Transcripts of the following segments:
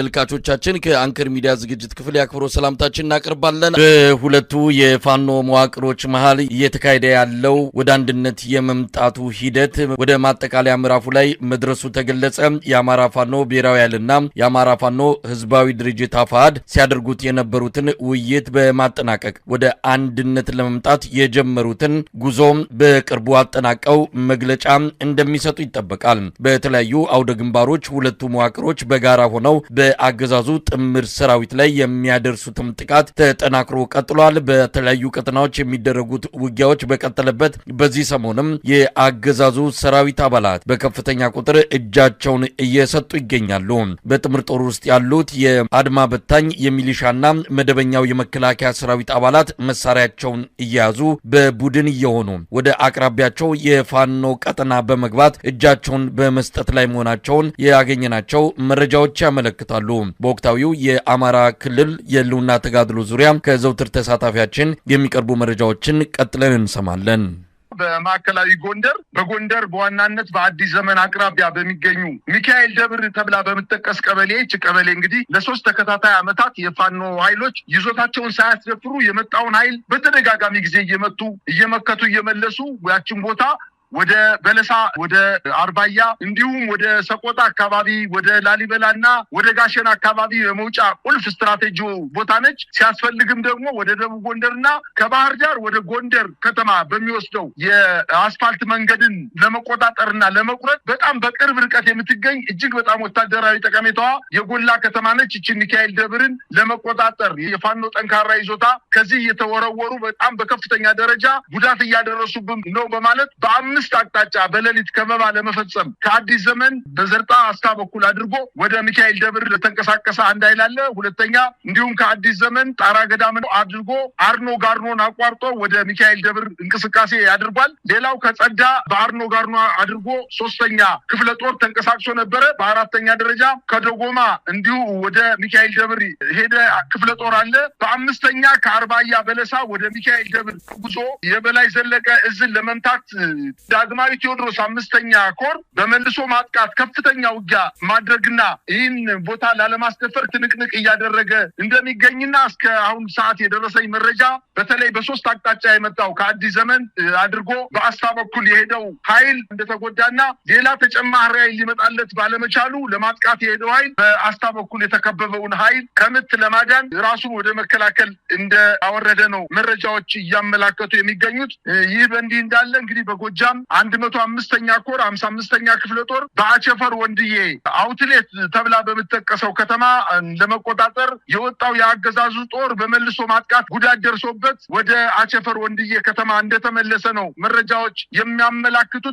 ተመልካቾቻችን ከአንከር ሚዲያ ዝግጅት ክፍል የአክብሮ ሰላምታችን እናቀርባለን። በሁለቱ የፋኖ መዋቅሮች መሀል እየተካሄደ ያለው ወደ አንድነት የመምጣቱ ሂደት ወደ ማጠቃለያ ምዕራፉ ላይ መድረሱ ተገለጸ። የአማራ ፋኖ ብሔራዊ ኃይልና የአማራ ፋኖ ህዝባዊ ድርጅት አፋሃድ ሲያደርጉት የነበሩትን ውይይት በማጠናቀቅ ወደ አንድነት ለመምጣት የጀመሩትን ጉዞ በቅርቡ አጠናቀው መግለጫ እንደሚሰጡ ይጠበቃል። በተለያዩ አውደ ግንባሮች ሁለቱ መዋቅሮች በጋራ ሆነው በ በአገዛዙ ጥምር ሰራዊት ላይ የሚያደርሱትም ጥቃት ተጠናክሮ ቀጥሏል። በተለያዩ ቀጠናዎች የሚደረጉት ውጊያዎች በቀጠለበት በዚህ ሰሞንም የአገዛዙ ሰራዊት አባላት በከፍተኛ ቁጥር እጃቸውን እየሰጡ ይገኛሉ። በጥምር ጦር ውስጥ ያሉት የአድማ በታኝ የሚሊሻና መደበኛው የመከላከያ ሰራዊት አባላት መሳሪያቸውን እየያዙ በቡድን እየሆኑ ወደ አቅራቢያቸው የፋኖ ቀጠና በመግባት እጃቸውን በመስጠት ላይ መሆናቸውን ያገኘናቸው መረጃዎች ያመለክታሉ። ይገለጻሉ። በወቅታዊው የአማራ ክልል የህልውና ተጋድሎ ዙሪያ ከዘውትር ተሳታፊያችን የሚቀርቡ መረጃዎችን ቀጥለን እንሰማለን። በማዕከላዊ ጎንደር በጎንደር በዋናነት በአዲስ ዘመን አቅራቢያ በሚገኙ ሚካኤል ደብር ተብላ በምጠቀስ ቀበሌ ይህች ቀበሌ እንግዲህ ለሶስት ተከታታይ ዓመታት የፋኖ ኃይሎች ይዞታቸውን ሳያስደፍሩ የመጣውን ኃይል በተደጋጋሚ ጊዜ እየመቱ እየመከቱ እየመለሱ ያችን ቦታ ወደ በለሳ፣ ወደ አርባያ እንዲሁም ወደ ሰቆጣ አካባቢ ወደ ላሊበላ እና ወደ ጋሸን አካባቢ የመውጫ ቁልፍ ስትራቴጂ ቦታ ነች። ሲያስፈልግም ደግሞ ወደ ደቡብ ጎንደርና ከባህር ዳር ወደ ጎንደር ከተማ በሚወስደው የአስፋልት መንገድን ለመቆጣጠር እና ለመቁረጥ በጣም በቅርብ ርቀት የምትገኝ እጅግ በጣም ወታደራዊ ጠቀሜታዋ የጎላ ከተማ ነች። ይችን ሚካኤል ደብርን ለመቆጣጠር የፋኖ ጠንካራ ይዞታ ከዚህ እየተወረወሩ በጣም በከፍተኛ ደረጃ ጉዳት እያደረሱብን ነው በማለት በአምስት በአምስት አቅጣጫ በሌሊት ከበባ ለመፈጸም ከአዲስ ዘመን በዘርጣ አስታ በኩል አድርጎ ወደ ሚካኤል ደብር ለተንቀሳቀሰ አንድ ኃይል አለ። ሁለተኛ እንዲሁም ከአዲስ ዘመን ጣራ ገዳምን አድርጎ አርኖ ጋርኖን አቋርጦ ወደ ሚካኤል ደብር እንቅስቃሴ ያድርጓል። ሌላው ከጸዳ በአርኖ ጋርኖ አድርጎ ሶስተኛ ክፍለ ጦር ተንቀሳቅሶ ነበረ። በአራተኛ ደረጃ ከደጎማ እንዲሁ ወደ ሚካኤል ደብር ሄደ ክፍለ ጦር አለ። በአምስተኛ ከአርባያ በለሳ ወደ ሚካኤል ደብር ጉዞ የበላይ ዘለቀ እዝን ለመምታት ዳግማዊ ቴዎድሮስ አምስተኛ ኮር በመልሶ ማጥቃት ከፍተኛ ውጊያ ማድረግና ይህን ቦታ ላለማስደፈር ትንቅንቅ እያደረገ እንደሚገኝና እስከ አሁን ሰዓት የደረሰኝ መረጃ በተለይ በሶስት አቅጣጫ የመጣው ከአዲስ ዘመን አድርጎ በአስታ በኩል የሄደው ኃይል እንደተጎዳና ሌላ ተጨማሪ ኃይል ሊመጣለት ባለመቻሉ ለማጥቃት የሄደው ኃይል በአስታ በኩል የተከበበውን ኃይል ከምት ለማዳን ራሱን ወደ መከላከል አወረደ ነው መረጃዎች እያመላከቱ የሚገኙት። ይህ በእንዲህ እንዳለ እንግዲህ በጎጃም አንድ መቶ አምስተኛ ኮር አምሳ አምስተኛ ክፍለ ጦር በአቸፈር ወንድዬ አውትሌት ተብላ በምትጠቀሰው ከተማ ለመቆጣጠር የወጣው የአገዛዙ ጦር በመልሶ ማጥቃት ጉዳት ደርሶበት ወደ አቸፈር ወንድዬ ከተማ እንደተመለሰ ነው መረጃዎች የሚያመላክቱት።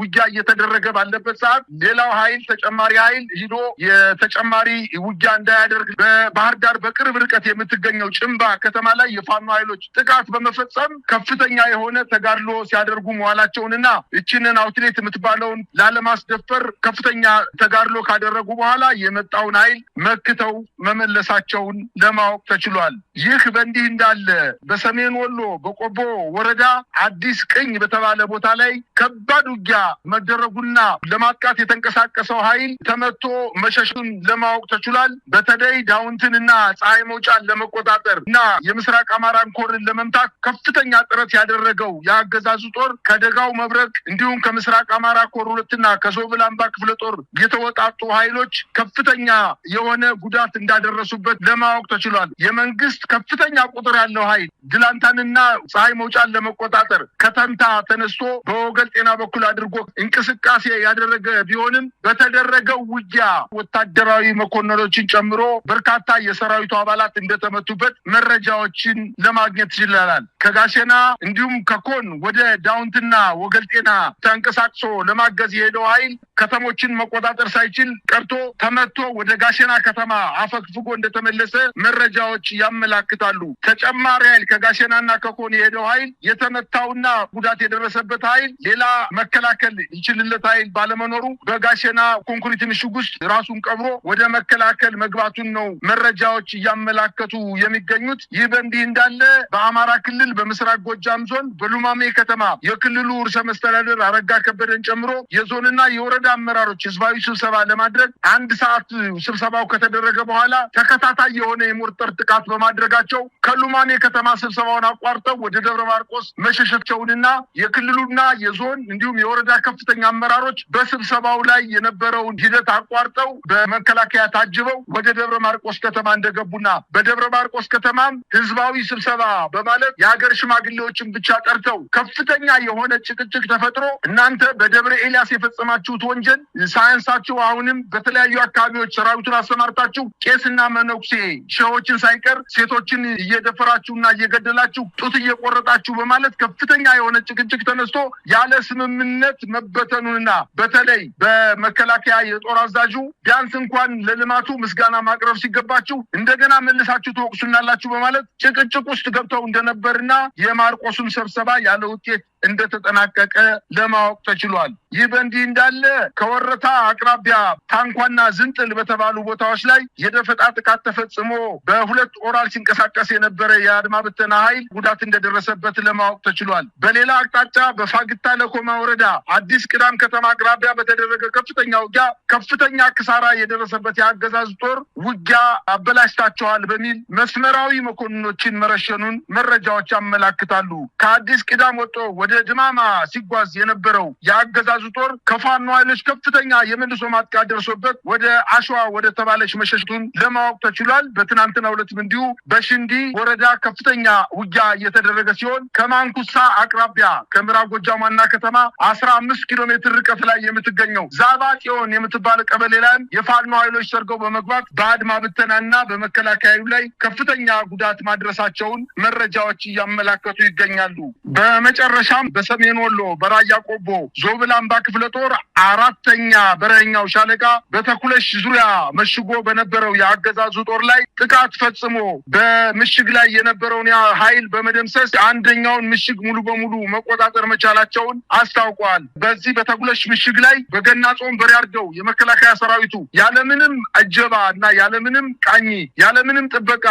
ውጊያ እየተደረገ ባለበት ሰዓት ሌላው ኃይል ተጨማሪ ኃይል ሂዶ የተጨማሪ ውጊያ እንዳያደርግ በባህር ዳር በቅርብ ርቀት የምትገኘው ጭንባ ከተማ ላይ የፋኖ ኃይሎች ጥቃት በመፈጸም ከፍተኛ የሆነ ተጋድሎ ሲያደርጉ መዋላቸውንና እና ይችንን አውትሌት የምትባለውን ላለማስደፈር ከፍተኛ ተጋድሎ ካደረጉ በኋላ የመጣውን ኃይል መክተው መመለሳቸውን ለማወቅ ተችሏል። ይህ በእንዲህ እንዳለ በሰሜን ወሎ በቆቦ ወረዳ አዲስ ቅኝ በተባለ ቦታ ላይ ከባድ ውጊያ መደረጉና ለማጥቃት የተንቀሳቀሰው ኃይል ተመቶ መሸሹን ለማወቅ ተችሏል። በተለይ ዳውንትን እና ፀሐይ መውጫን ለመቆጣጠር እና የምስራቅ አማራን ኮርን ለመምታት ከፍተኛ ጥረት ያደረገው የአገዛዙ ጦር ከደጋው መብረ በማድረግ እንዲሁም ከምስራቅ አማራ ኮር ሁለትና ከሶብላምባ ክፍለ ጦር የተወጣጡ ኃይሎች ከፍተኛ የሆነ ጉዳት እንዳደረሱበት ለማወቅ ተችሏል። የመንግስት ከፍተኛ ቁጥር ያለው ኃይል ድላንታንና ፀሐይ መውጫን ለመቆጣጠር ከተንታ ተነስቶ በወገል ጤና በኩል አድርጎ እንቅስቃሴ ያደረገ ቢሆንም በተደረገው ውጊያ ወታደራዊ መኮንኖችን ጨምሮ በርካታ የሰራዊቱ አባላት እንደተመቱበት መረጃዎችን ለማግኘት ይችላል። ከጋሴና እንዲሁም ከኮን ወደ ዳውንትና ወገ መካከል ጤና ተንቀሳቅሶ ለማገዝ የሄደው ኃይል ከተሞችን መቆጣጠር ሳይችል ቀርቶ ተመቶ ወደ ጋሸና ከተማ አፈግፍጎ እንደተመለሰ መረጃዎች ያመላክታሉ። ተጨማሪ ኃይል ከጋሸናና ከኮን የሄደው ኃይል የተመታውና ጉዳት የደረሰበት ኃይል ሌላ መከላከል ይችልለት ኃይል ባለመኖሩ በጋሸና ኮንክሪት ምሽግ ውስጥ ራሱን ቀብሮ ወደ መከላከል መግባቱን ነው መረጃዎች እያመላከቱ የሚገኙት። ይህ በእንዲህ እንዳለ በአማራ ክልል በምስራቅ ጎጃም ዞን በሉማሜ ከተማ የክልሉ እርሰ መስተዳደር አረጋ ከበደን ጨምሮ የዞንና የወረዳ አመራሮች ህዝባዊ ስብሰባ ለማድረግ አንድ ሰዓት ስብሰባው ከተደረገ በኋላ ተከታታይ የሆነ የሞርተር ጥቃት በማድረጋቸው ከሉማሜ ከተማ ስብሰባውን አቋርጠው ወደ ደብረ ማርቆስ መሸሸቸውንና የክልሉና የዞን እንዲሁም የወረዳ ከፍተኛ አመራሮች በስብሰባው ላይ የነበረውን ሂደት አቋርጠው በመከላከያ ታጅበው ወደ ደብረ ማርቆስ ከተማ እንደገቡና በደብረ ማርቆስ ከተማም ህዝባዊ ስብሰባ በማለት የሀገር ሽማግሌዎችን ብቻ ጠርተው ከፍተኛ የሆነ ጭቅጭቅ ጭቅጭቅ ተፈጥሮ እናንተ በደብረ ኤልያስ የፈጸማችሁት ወንጀል ሳያንሳችሁ አሁንም በተለያዩ አካባቢዎች ሰራዊቱን አሰማርታችሁ ቄስና መነኩሴ ሸዎችን ሳይቀር ሴቶችን እየደፈራችሁና እየገደላችሁ ጡት እየቆረጣችሁ በማለት ከፍተኛ የሆነ ጭቅጭቅ ተነስቶ ያለ ስምምነት መበተኑንና በተለይ በመከላከያ የጦር አዛዡ ቢያንስ እንኳን ለልማቱ ምስጋና ማቅረብ ሲገባችሁ እንደገና መልሳችሁ ትወቅሱናላችሁ በማለት ጭቅጭቅ ውስጥ ገብተው እንደነበርና የማርቆሱን ስብሰባ ያለ ውጤት እንደተጠናቀቀ ለማወቅ ተችሏል። ይህ በእንዲህ እንዳለ ከወረታ አቅራቢያ ታንኳና ዝንጥል በተባሉ ቦታዎች ላይ የደፈጣ ጥቃት ተፈጽሞ በሁለት ኦራል ሲንቀሳቀስ የነበረ የአድማ ብተና ኃይል ጉዳት እንደደረሰበት ለማወቅ ተችሏል። በሌላ አቅጣጫ በፋግታ ለኮማ ወረዳ አዲስ ቅዳም ከተማ አቅራቢያ በተደረገ ከፍተኛ ውጊያ ከፍተኛ ክሳራ የደረሰበት የአገዛዝ ጦር ውጊያ አበላሽታቸዋል በሚል መስመራዊ መኮንኖችን መረሸኑን መረጃዎች ያመላክታሉ። ከአዲስ ቅዳም ወጦ ወደ ድማማ ሲጓዝ የነበረው የአገዛዙ ጦር ከፋኖ ኃይሎች ከፍተኛ የመልሶ ማጥቃት ደርሶበት ወደ አሸዋ ወደ ተባለች መሸሽቱን ለማወቅ ተችሏል። በትናንትና ሁለትም እንዲሁ በሽንዲ ወረዳ ከፍተኛ ውጊያ እየተደረገ ሲሆን ከማንኩሳ አቅራቢያ ከምዕራብ ጎጃም ዋና ከተማ አስራ አምስት ኪሎ ሜትር ርቀት ላይ የምትገኘው ዛባ ጽዮን የምትባል ቀበሌ ላይም የፋኖ ኃይሎች ሰርገው በመግባት በአድማ ብተናና በመከላከያዩ ላይ ከፍተኛ ጉዳት ማድረሳቸውን መረጃዎች እያመላከቱ ይገኛሉ። በመጨረሻም በሰሜን ወሎ በራያ ቆቦ ዞብል አምባ ክፍለ ጦር አራተኛ በረኛው ሻለቃ በተኩለሽ ዙሪያ መሽጎ በነበረው የአገዛዙ ጦር ላይ ጥቃት ፈጽሞ በምሽግ ላይ የነበረውን ኃይል በመደምሰስ አንደኛውን ምሽግ ሙሉ በሙሉ መቆጣጠር መቻላቸውን አስታውቋል። በዚህ በተኩለሽ ምሽግ ላይ በገና ጾም በሬ አርደው የመከላከያ ሰራዊቱ ያለምንም እጀባ እና ያለምንም ቃኝ ያለምንም ጥበቃ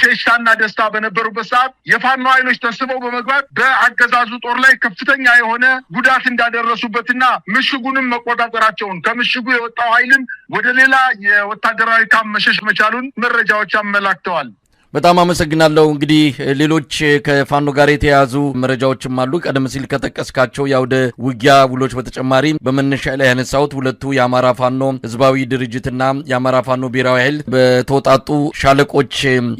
ፌሽታና ደስታ በነበሩበት ሰዓት የፋኖ ኃይሎች ተስበው በመግባት በአገዛዙ ጦር ላይ ከፍተኛ የሆነ ጉዳት እንዳደረሱበትና ምሽጉንም መቆጣጠራቸውን ከምሽጉ የወጣው ኃይልም ወደ ሌላ የወታደራዊ ካም መሸሽ መቻሉን መረጃዎች አመላክተዋል። በጣም አመሰግናለሁ። እንግዲህ ሌሎች ከፋኖ ጋር የተያያዙ መረጃዎችም አሉ። ቀደም ሲል ከጠቀስካቸው የአውደ ውጊያ ውሎች በተጨማሪ በመነሻ ላይ ያነሳሁት ሁለቱ የአማራ ፋኖ ህዝባዊ ድርጅትና የአማራ ፋኖ ብሔራዊ ኃይል በተወጣጡ ሻለቆች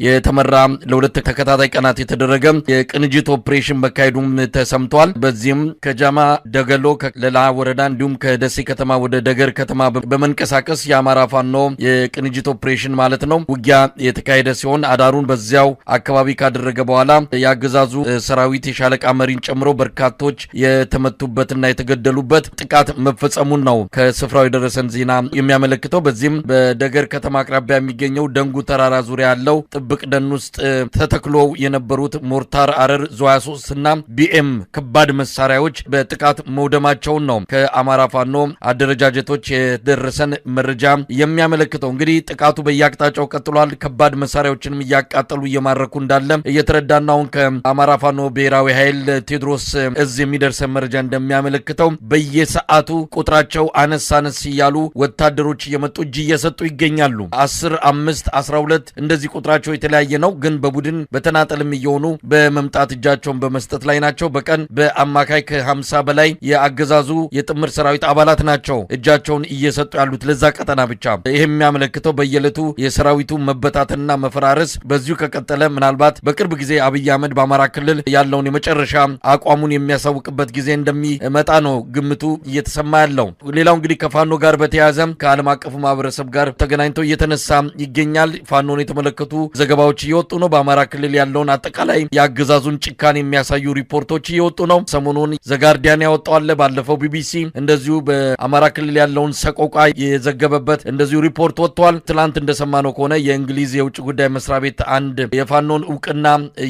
የተመራ ለሁለት ተከታታይ ቀናት የተደረገ የቅንጅት ኦፕሬሽን መካሄዱም ተሰምቷል። በዚህም ከጃማ ደገሎ ለላ ወረዳ እንዲሁም ከደሴ ከተማ ወደ ደገር ከተማ በመንቀሳቀስ የአማራ ፋኖ የቅንጅት ኦፕሬሽን ማለት ነው ውጊያ የተካሄደ ሲሆን አዳሩ መገደሉን በዚያው አካባቢ ካደረገ በኋላ የአገዛዙ ሰራዊት የሻለቃ መሪን ጨምሮ በርካቶች የተመቱበትና የተገደሉበት ጥቃት መፈጸሙን ነው ከስፍራው የደረሰን ዜና የሚያመለክተው። በዚህም በደገር ከተማ አቅራቢያ የሚገኘው ደንጉ ተራራ ዙሪያ ያለው ጥብቅ ደን ውስጥ ተተክሎ የነበሩት ሞርታር አረር ዙ 3 እና ቢኤም ከባድ መሳሪያዎች በጥቃት መውደማቸውን ነው ከአማራ ፋኖ አደረጃጀቶች የደረሰን መረጃ የሚያመለክተው። እንግዲህ ጥቃቱ በየአቅጣጫው ቀጥሏል። ከባድ መሳሪያዎችንም እያቀ እያቃጠሉ እየማረኩ እንዳለ እየተረዳ አሁን ከአማራ ፋኖ ብሔራዊ ኃይል ቴዎድሮስ እዝ የሚደርሰን መረጃ እንደሚያመለክተው በየሰዓቱ ቁጥራቸው አነስ አነስ እያሉ ወታደሮች እየመጡ እጅ እየሰጡ ይገኛሉ። አስር አምስት አስራ ሁለት እንደዚህ ቁጥራቸው የተለያየ ነው። ግን በቡድን በተናጠልም እየሆኑ በመምጣት እጃቸውን በመስጠት ላይ ናቸው። በቀን በአማካይ ከሀምሳ በላይ የአገዛዙ የጥምር ሰራዊት አባላት ናቸው እጃቸውን እየሰጡ ያሉት ለዛ ቀጠና ብቻ። ይህ የሚያመለክተው በየዕለቱ የሰራዊቱ መበታተንና መፈራረስ በ በዚሁ ከቀጠለ ምናልባት በቅርብ ጊዜ አብይ አህመድ በአማራ ክልል ያለውን የመጨረሻ አቋሙን የሚያሳውቅበት ጊዜ እንደሚመጣ ነው ግምቱ እየተሰማ ያለው። ሌላው እንግዲህ ከፋኖ ጋር በተያያዘ ከዓለም አቀፉ ማህበረሰብ ጋር ተገናኝቶ እየተነሳ ይገኛል። ፋኖን የተመለከቱ ዘገባዎች እየወጡ ነው። በአማራ ክልል ያለውን አጠቃላይ የአገዛዙን ጭካን የሚያሳዩ ሪፖርቶች እየወጡ ነው። ሰሞኑን ዘጋርዲያን ያወጣዋለ፣ ባለፈው ቢቢሲ እንደዚሁ በአማራ ክልል ያለውን ሰቆቃ የዘገበበት እንደዚሁ ሪፖርት ወጥቷል። ትናንት እንደሰማነው ከሆነ የእንግሊዝ የውጭ ጉዳይ መስሪያ ቤት አንድ የፋኖን እውቅና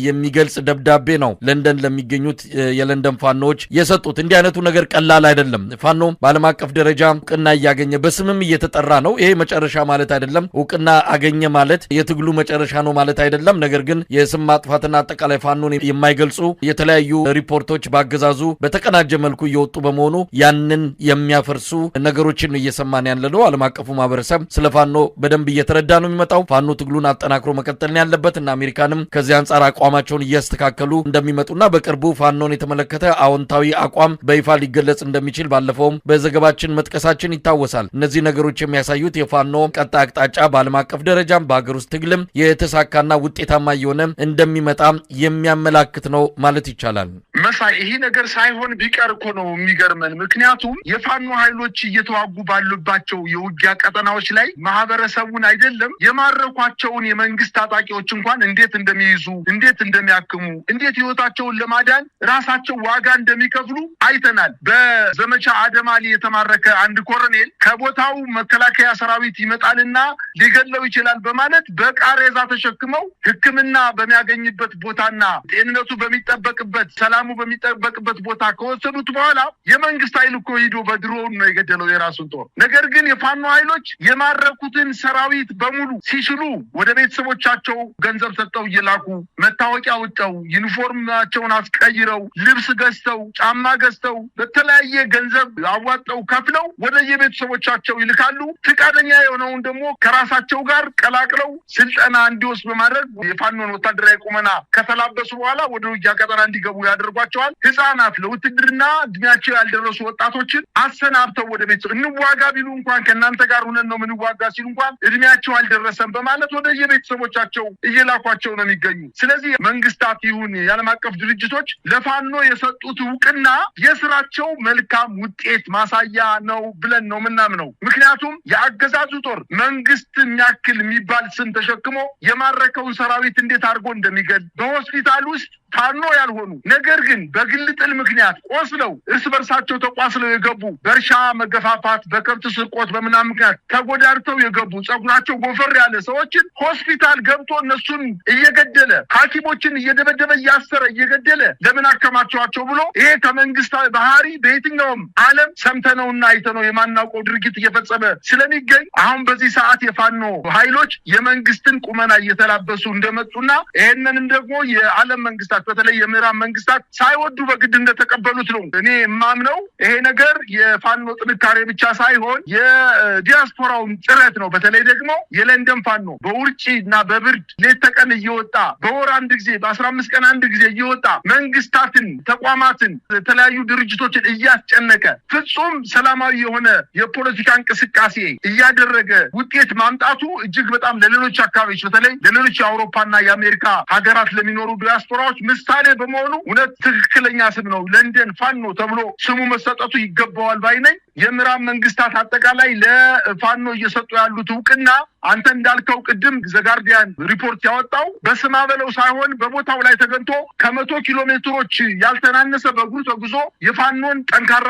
የሚገልጽ ደብዳቤ ነው ለንደን ለሚገኙት የለንደን ፋኖዎች የሰጡት። እንዲህ አይነቱ ነገር ቀላል አይደለም። ፋኖ በዓለም አቀፍ ደረጃ እውቅና እያገኘ በስምም እየተጠራ ነው። ይሄ መጨረሻ ማለት አይደለም። እውቅና አገኘ ማለት የትግሉ መጨረሻ ነው ማለት አይደለም። ነገር ግን የስም ማጥፋትና አጠቃላይ ፋኖን የማይገልጹ የተለያዩ ሪፖርቶች በአገዛዙ በተቀናጀ መልኩ እየወጡ በመሆኑ ያንን የሚያፈርሱ ነገሮችን እየሰማን ያለ ነው። ዓለም አቀፉ ማህበረሰብ ስለ ፋኖ በደንብ እየተረዳ ነው የሚመጣው። ፋኖ ትግሉን አጠናክሮ መቀጠል ያለ እና አሜሪካንም ከዚህ አንጻር አቋማቸውን እያስተካከሉ እንደሚመጡና በቅርቡ ፋኖን የተመለከተ አዎንታዊ አቋም በይፋ ሊገለጽ እንደሚችል ባለፈውም በዘገባችን መጥቀሳችን ይታወሳል። እነዚህ ነገሮች የሚያሳዩት የፋኖ ቀጣይ አቅጣጫ በዓለም አቀፍ ደረጃም በሀገር ውስጥ ትግልም የተሳካና ውጤታማ እየሆነ እንደሚመጣ የሚያመላክት ነው ማለት ይቻላል። መሳይ ይሄ ነገር ሳይሆን ቢቀር እኮ ነው የሚገርመን። ምክንያቱም የፋኖ ኃይሎች እየተዋጉ ባሉባቸው የውጊያ ቀጠናዎች ላይ ማህበረሰቡን አይደለም የማረኳቸውን የመንግስት ታጣቂ ታጣቂዎች እንኳን እንዴት እንደሚይዙ፣ እንዴት እንደሚያክሙ፣ እንዴት ህይወታቸውን ለማዳን ራሳቸው ዋጋ እንደሚከፍሉ አይተናል። በዘመቻ አደማሊ የተማረከ አንድ ኮረኔል ከቦታው መከላከያ ሰራዊት ይመጣልና ሊገለው ይችላል በማለት በቃሬዛ ተሸክመው ህክምና በሚያገኝበት ቦታና ጤንነቱ በሚጠበቅበት ሰላሙ በሚጠበቅበት ቦታ ከወሰዱት በኋላ የመንግስት ኃይል እኮ ሂዶ በድሮውን ነው የገደለው የራሱን ጦር። ነገር ግን የፋኖ ኃይሎች የማረኩትን ሰራዊት በሙሉ ሲችሉ ወደ ቤተሰቦቻቸው ገንዘብ ሰጠው እየላኩ መታወቂያ ውጠው፣ ዩኒፎርማቸውን አስቀይረው ልብስ ገዝተው ጫማ ገዝተው በተለያየ ገንዘብ አዋጠው ከፍለው ወደ የቤተሰቦቻቸው ይልካሉ። ፍቃደኛ የሆነውን ደግሞ ከራሳቸው ጋር ቀላቅለው ስልጠና እንዲወስድ በማድረግ የፋኖን ወታደራዊ ቁመና ከተላበሱ በኋላ ወደ ውጊያ ቀጠና እንዲገቡ ያደርጓቸዋል። ህፃናት ለውትድርና እድሜያቸው ያልደረሱ ወጣቶችን አሰናብተው ወደ ቤተሰ እንዋጋ ቢሉ እንኳን ከእናንተ ጋር ሁነን ነው ምንዋጋ ሲሉ እንኳን እድሜያቸው አልደረሰም በማለት ወደ የቤተሰቦቻቸው እየላኳቸው ነው የሚገኙ። ስለዚህ መንግስታት ይሁን የዓለም አቀፍ ድርጅቶች ለፋኖ የሰጡት እውቅና የስራቸው መልካም ውጤት ማሳያ ነው ብለን ነው ምናምነው። ምክንያቱም የአገዛዙ ጦር መንግስት የሚያክል የሚባል ስም ተሸክሞ የማረከውን ሰራዊት እንዴት አድርጎ እንደሚገል በሆስፒታል ውስጥ ፋኖ ያልሆኑ ነገር ግን በግል ጥል ምክንያት ቆስለው እርስ በርሳቸው ተቋስለው የገቡ በእርሻ መገፋፋት፣ በከብት ስርቆት፣ በምናምን ምክንያት ተጎዳድተው የገቡ ጸጉራቸው ጎፈር ያለ ሰዎችን ሆስፒታል ገብቶ እነሱን እየገደለ ሐኪሞችን እየደበደበ እያሰረ እየገደለ ለምን አከማቸዋቸው ብሎ ይሄ ከመንግስታዊ ባህሪ በየትኛውም ዓለም ሰምተነውና አይተነው የማናውቀው ድርጊት እየፈጸመ ስለሚገኝ አሁን በዚህ ሰዓት የፋኖ ኃይሎች የመንግስትን ቁመና እየተላበሱ እንደመጡና ይህንንም ደግሞ የዓለም መንግስታት በተለይ የምዕራብ መንግስታት ሳይወዱ በግድ እንደተቀበሉት ነው እኔ የማምነው። ይሄ ነገር የፋኖ ጥንካሬ ብቻ ሳይሆን የዲያስፖራውን ጥረት ነው። በተለይ ደግሞ የለንደን ፋኖ በውርጭ እና በብርድ ሌት ተቀን እየወጣ በወር አንድ ጊዜ በአስራ አምስት ቀን አንድ ጊዜ እየወጣ መንግስታትን፣ ተቋማትን፣ የተለያዩ ድርጅቶችን እያስጨነቀ ፍጹም ሰላማዊ የሆነ የፖለቲካ እንቅስቃሴ እያደረገ ውጤት ማምጣቱ እጅግ በጣም ለሌሎች አካባቢዎች በተለይ ለሌሎች የአውሮፓና የአሜሪካ ሀገራት ለሚኖሩ ዲያስፖራዎች ምሳሌ በመሆኑ እውነት ትክክለኛ ስም ነው ለንደን ፋኖ ተብሎ ስሙ መሰጠቱ ይገባዋል ባይ የምራብ የምዕራብ መንግስታት አጠቃላይ ለፋኖ እየሰጡ ያሉት እውቅና አንተ እንዳልከው ቅድም ዘጋርዲያን ሪፖርት ያወጣው በስማበለው ሳይሆን በቦታው ላይ ተገንቶ ከመቶ ኪሎ ሜትሮች ያልተናነሰ በእግሩ ተጉዞ የፋኖን ጠንካራ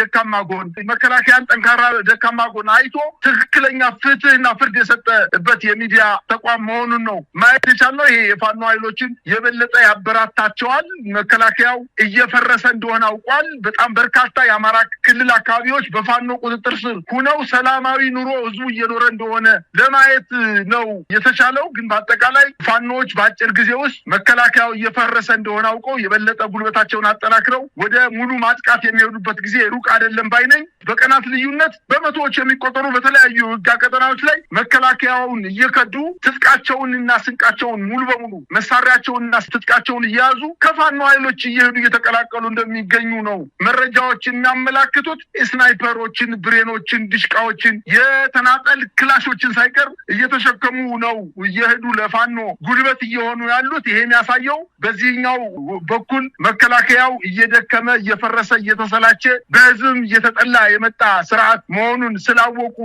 ደካማ ጎን፣ መከላከያን ጠንካራ ደካማ ጎን አይቶ ትክክለኛ ፍትህና ፍርድ የሰጠበት የሚዲያ ተቋም መሆኑን ነው ማየት የቻልነው። ይሄ የፋኖ ኃይሎችን የበለጠ ያበራታቸዋል። መከላከያው እየፈረሰ እንደሆነ አውቋል። በጣም በርካታ የአማራ ክልል አካባቢዎች በፋኖ ቁጥጥር ስር ሁነው ሰላማዊ ኑሮ ህዝቡ እየኖረ እንደሆነ ማየት ነው የተሻለው። ግን በአጠቃላይ ፋኖዎች በአጭር ጊዜ ውስጥ መከላከያው እየፈረሰ እንደሆነ አውቀው የበለጠ ጉልበታቸውን አጠናክረው ወደ ሙሉ ማጥቃት የሚሄዱበት ጊዜ ሩቅ አይደለም ባይ ነኝ። በቀናት ልዩነት በመቶዎች የሚቆጠሩ በተለያዩ ህጋ ቀጠናዎች ላይ መከላከያውን እየከዱ ትጥቃቸውንና ስንቃቸውን ሙሉ በሙሉ መሳሪያቸውንና ትጥቃቸውን እየያዙ ከፋኖ ኃይሎች እየሄዱ እየተቀላቀሉ እንደሚገኙ ነው መረጃዎች የሚያመላክቱት። ስናይፐሮችን፣ ብሬኖችን፣ ድሽቃዎችን፣ የተናጠል ክላሾችን ሳይቀር ነገር እየተሸከሙ ነው እየሄዱ ለፋኖ ጉልበት እየሆኑ ያሉት። ይሄን ያሳየው በዚህኛው በኩል መከላከያው እየደከመ እየፈረሰ እየተሰላቸ በህዝብም እየተጠላ የመጣ ስርዓት መሆኑን ስላወቁ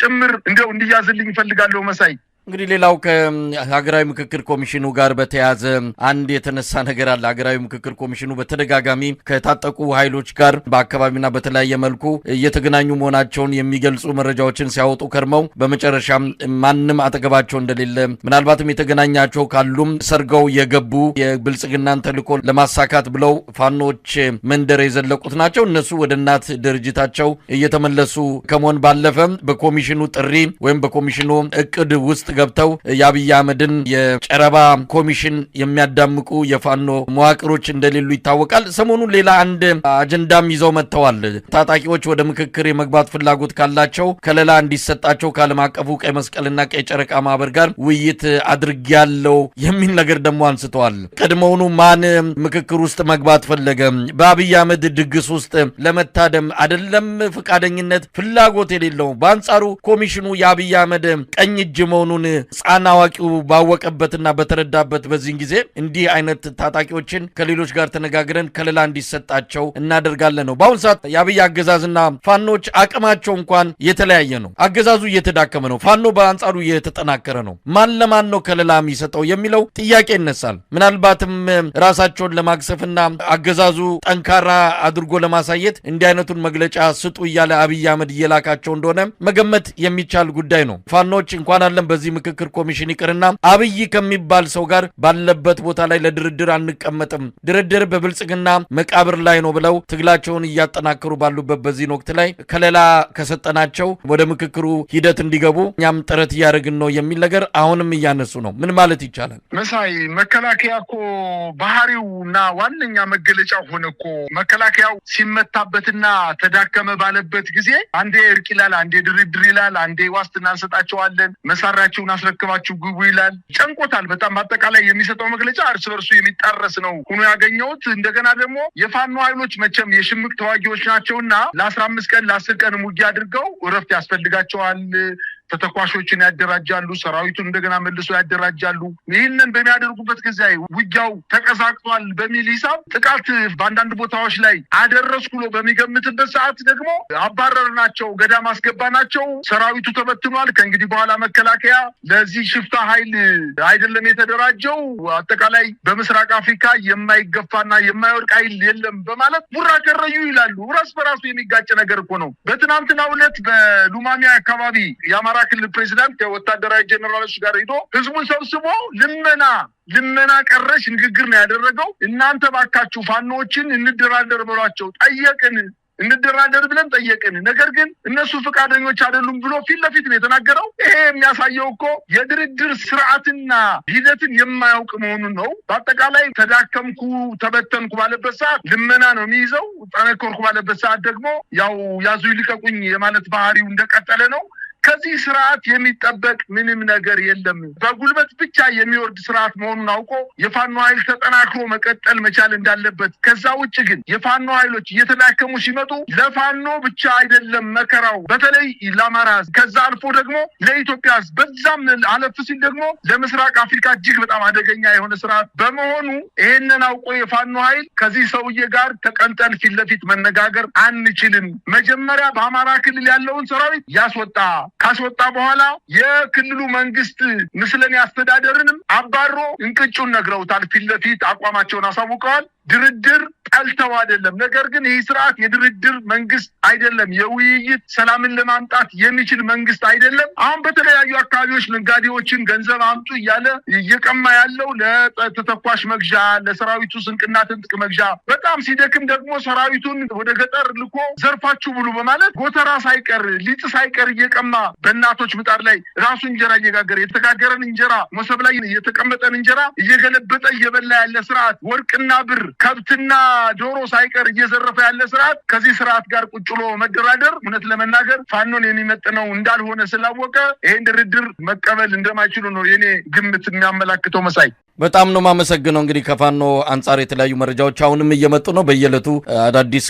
ጭምር እንደው እንዲያዝልኝ ይፈልጋለሁ መሳይ እንግዲህ ሌላው ከሀገራዊ ምክክር ኮሚሽኑ ጋር በተያያዘ አንድ የተነሳ ነገር አለ። ሀገራዊ ምክክር ኮሚሽኑ በተደጋጋሚ ከታጠቁ ኃይሎች ጋር በአካባቢና በተለያየ መልኩ እየተገናኙ መሆናቸውን የሚገልጹ መረጃዎችን ሲያወጡ ከርመው በመጨረሻም ማንም አጠገባቸው እንደሌለ ምናልባትም የተገናኛቸው ካሉም ሰርገው የገቡ የብልጽግናን ተልዕኮ ለማሳካት ብለው ፋኖች መንደር የዘለቁት ናቸው። እነሱ ወደ እናት ድርጅታቸው እየተመለሱ ከመሆን ባለፈ በኮሚሽኑ ጥሪ ወይም በኮሚሽኑ እቅድ ውስጥ ገብተው የአብይ አህመድን የጨረባ ኮሚሽን የሚያዳምቁ የፋኖ መዋቅሮች እንደሌሉ ይታወቃል። ሰሞኑን ሌላ አንድ አጀንዳም ይዘው መጥተዋል። ታጣቂዎች ወደ ምክክር የመግባት ፍላጎት ካላቸው ከለላ እንዲሰጣቸው ከዓለም አቀፉ ቀይ መስቀልና ቀይ ጨረቃ ማህበር ጋር ውይይት አድርጌያለሁ የሚል ነገር ደግሞ አንስተዋል። ቀድሞውኑ ማን ምክክር ውስጥ መግባት ፈለገ? በአብይ አህመድ ድግስ ውስጥ ለመታደም አይደለም ፈቃደኝነት ፍላጎት የሌለው በአንጻሩ ኮሚሽኑ የአብይ አህመድ ቀኝ እጅ መሆኑን ህፃን አዋቂው ባወቀበትና በተረዳበት በዚህን ጊዜ እንዲህ አይነት ታጣቂዎችን ከሌሎች ጋር ተነጋግረን ከለላ እንዲሰጣቸው እናደርጋለን ነው። በአሁን ሰዓት የአብይ አገዛዝና ፋኖች አቅማቸው እንኳን የተለያየ ነው። አገዛዙ እየተዳከመ ነው፣ ፋኖ በአንጻሩ እየተጠናከረ ነው። ማን ለማን ነው ከለላ የሚሰጠው የሚለው ጥያቄ ይነሳል። ምናልባትም ራሳቸውን ለማክሰፍና አገዛዙ ጠንካራ አድርጎ ለማሳየት እንዲህ አይነቱን መግለጫ ስጡ እያለ አብይ አህመድ እየላካቸው እንደሆነ መገመት የሚቻል ጉዳይ ነው። ፋኖች እንኳን አለን በዚህ ምክክር ኮሚሽን ይቅርና አብይ ከሚባል ሰው ጋር ባለበት ቦታ ላይ ለድርድር አንቀመጥም፣ ድርድር በብልጽግና መቃብር ላይ ነው ብለው ትግላቸውን እያጠናከሩ ባሉበት በዚህን ወቅት ላይ ከሌላ ከሰጠናቸው ወደ ምክክሩ ሂደት እንዲገቡ እኛም ጥረት እያደረግን ነው የሚል ነገር አሁንም እያነሱ ነው። ምን ማለት ይቻላል? መሳይ መከላከያ እኮ ባህሪው እና ዋነኛ መገለጫ ሆነ እኮ መከላከያው ሲመታበትና ተዳከመ ባለበት ጊዜ አንዴ እርቅ ይላል፣ አንዴ ድርድር ይላል፣ አንዴ ዋስትና እንሰጣቸዋለን መሳሪያቸው ሀሳቡን አስረክባችሁ ግቡ ይላል። ጨንቆታል በጣም በአጠቃላይ የሚሰጠው መግለጫ እርስ በርሱ የሚጣረስ ነው ሆኖ ያገኘሁት። እንደገና ደግሞ የፋኖ ኃይሎች መቼም የሽምቅ ተዋጊዎች ናቸውና ለአስራ አምስት ቀን ለአስር ቀን ውጊያ አድርገው እረፍት ያስፈልጋቸዋል። ተተኳሾችን ያደራጃሉ፣ ሰራዊቱን እንደገና መልሶ ያደራጃሉ። ይህንን በሚያደርጉበት ጊዜ ውጊያው ተቀሳቅቷል በሚል ሂሳብ ጥቃት በአንዳንድ ቦታዎች ላይ አደረስኩ ብሎ በሚገምትበት ሰዓት ደግሞ አባረር ናቸው፣ ገዳም አስገባ ናቸው፣ ሰራዊቱ ተበትኗል። ከእንግዲህ በኋላ መከላከያ ለዚህ ሽፍታ ኃይል አይደለም የተደራጀው፣ አጠቃላይ በምስራቅ አፍሪካ የማይገፋና የማይወድቅ ኃይል የለም በማለት ቡራ ገረዩ ይላሉ። ራስ በራሱ የሚጋጭ ነገር እኮ ነው። በትናንትናው ዕለት በሉማሚያ አካባቢ የአማራ የአማራ ክልል ፕሬዚዳንት ከወታደራዊ ጀኔራሎች ጋር ሂዶ ህዝቡን ሰብስቦ ልመና ልመና ቀረሽ ንግግር ነው ያደረገው። እናንተ ባካችሁ ፋኖዎችን እንደራደር ብሏቸው ጠየቅን እንደራደር ብለን ጠየቅን። ነገር ግን እነሱ ፈቃደኞች አይደሉም ብሎ ፊት ለፊት ነው የተናገረው። ይሄ የሚያሳየው እኮ የድርድር ስርዓትና ሂደትን የማያውቅ መሆኑን ነው። በአጠቃላይ ተዳከምኩ፣ ተበተንኩ ባለበት ሰዓት ልመና ነው የሚይዘው፣ ጠነኮርኩ ባለበት ሰዓት ደግሞ ያው ያዙ ይልቀቁኝ የማለት ባህሪው እንደቀጠለ ነው። ከዚህ ስርዓት የሚጠበቅ ምንም ነገር የለም። በጉልበት ብቻ የሚወርድ ስርዓት መሆኑን አውቆ የፋኖ ኃይል ተጠናክሮ መቀጠል መቻል እንዳለበት፣ ከዛ ውጭ ግን የፋኖ ኃይሎች እየተዳከሙ ሲመጡ ለፋኖ ብቻ አይደለም መከራው፣ በተለይ ለአማራ ከዛ አልፎ ደግሞ ለኢትዮጵያ ህዝብ በዛም አለፍ ሲል ደግሞ ለምስራቅ አፍሪካ እጅግ በጣም አደገኛ የሆነ ስርዓት በመሆኑ ይሄንን አውቆ የፋኖ ኃይል ከዚህ ሰውዬ ጋር ተቀምጠን ፊት ለፊት መነጋገር አንችልም፣ መጀመሪያ በአማራ ክልል ያለውን ሰራዊት ያስወጣ ካስወጣ በኋላ የክልሉ መንግስት ምስለኔ አስተዳደርንም አባሮ እንቅጩን ነግረውታል። ፊት ለፊት አቋማቸውን አሳውቀዋል። ድርድር ጠልተው አይደለም። ነገር ግን ይህ ስርዓት የድርድር መንግስት አይደለም። የውይይት ሰላምን ለማምጣት የሚችል መንግስት አይደለም። አሁን በተለያዩ አካባቢዎች ነጋዴዎችን ገንዘብ አምጡ እያለ እየቀማ ያለው ለተተኳሽ መግዣ፣ ለሰራዊቱ ስንቅና ትጥቅ መግዣ፣ በጣም ሲደክም ደግሞ ሰራዊቱን ወደ ገጠር ልኮ ዘርፋችሁ ብሉ በማለት ጎተራ ሳይቀር ሊጥ ሳይቀር እየቀማ እየተጠማ በእናቶች ምጣድ ላይ ራሱ እንጀራ እየጋገረ የተጋገረን እንጀራ መሶብ ላይ የተቀመጠን እንጀራ እየገለበጠ እየበላ ያለ ስርዓት፣ ወርቅና ብር ከብትና ዶሮ ሳይቀር እየዘረፈ ያለ ስርዓት ከዚህ ስርዓት ጋር ቁጭሎ መደራደር እውነት ለመናገር ፋኖን የሚመጥነው እንዳልሆነ ስላወቀ ይሄን ድርድር መቀበል እንደማይችሉ ነው የኔ ግምት የሚያመላክተው። መሳይ በጣም ነው የማመሰግነው። እንግዲህ ከፋኖ አንጻር የተለያዩ መረጃዎች አሁንም እየመጡ ነው በየዕለቱ አዳዲስ